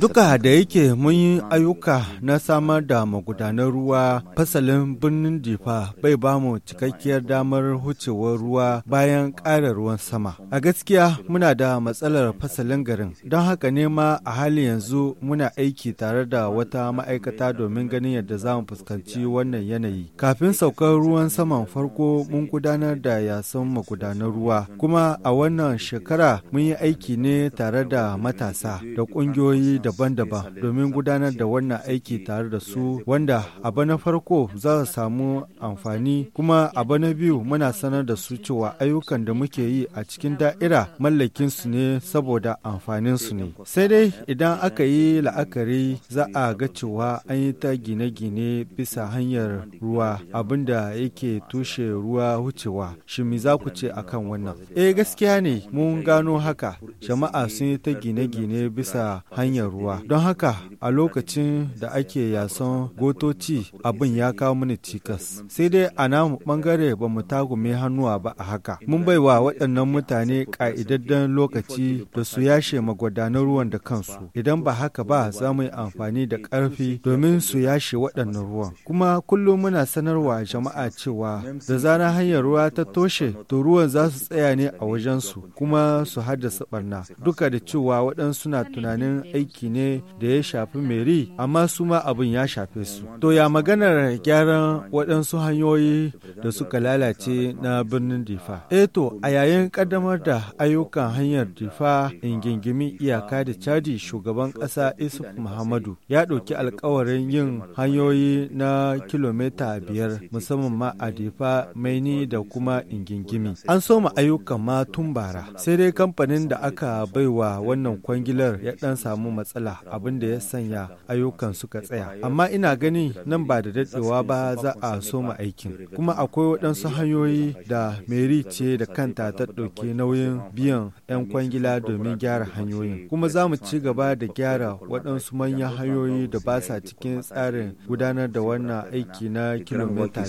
Duka da yake mun yi ayyuka na samar da magudanar ruwa fasalin birnin difa bai ba mu cikakkiyar damar hucewar ruwa bayan ƙara ruwan sama. A gaskiya muna da matsalar fasalin garin don haka ne ma a halin yanzu muna aiki tare da wata ma'aikata domin ganin yadda za mu fuskanci wannan yanayi. Kafin saukar ruwan saman farko mun gudanar da yasan magudanar ruwa kuma a wannan shekara mun yi aiki ne tare da mata matasa da ƙungiyoyi daban-daban domin gudanar da wannan aiki tare da su wanda abu na farko za su samu amfani kuma abu na biyu muna sanar da su cewa ayyukan da muke yi a cikin da'ira mallakinsu ne saboda amfaninsu ne. Sai dai idan aka yi la'akari za a ga cewa an yi ta gine-gine bisa hanyar ruwa abin abinda yake tushe ruwa wucewa. Shi za ku ce akan wannan? Eh gaskiya ne mun gano haka jama'a sun yi ta gine ragi ne bisa hanyar ruwa. Don haka a lokacin da ake yasan gotoci abin ya kawo mini cikas. Sai dai a namu bangare ba mu tagume hannuwa ba a haka. Mun baiwa waɗannan mutane ƙa'idaddan lokaci da su yashe magwadanan ruwan da kansu. Idan ba haka ba za mu yi amfani da ƙarfi domin su yashe waɗannan ruwan. Kuma kullum muna sanarwa jama'a cewa da zana hanyar ruwa ta toshe to ruwan za su tsaya ne a wajensu kuma su haddasa barna. Duka da cewa waɗansu suna tunanin aiki ne da ya shafi meri amma su ma abin ya shafe su to ya maganar gyaran waɗansu hanyoyi da suka lalace na birnin difa eto eh a yayin ƙaddamar da ayyukan hanyar difa ingingimi iyaka da cadi shugaban ƙasa isuf muhammadu ya ɗauki alkawarin yin hanyoyi na kilomita biyar musamman ma a difa maini da kuma ingingimi an soma ayyukan ma tun bara sai dai kamfanin da aka baiwa wannan kwangilar ya dan samu matsala abin da ya sanya ayyukan suka tsaya amma ina gani nan ba da dadewa ba za a soma aikin kuma akwai waɗansu hanyoyi da meri ce da kanta ta ɗauki nauyin biyan 'yan kwangila domin gyara hanyoyin kuma za mu ci gaba da gyara waɗansu manyan hanyoyi da ba sa cikin tsarin gudanar da wannan aiki na kilomita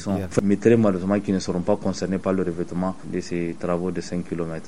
biyar.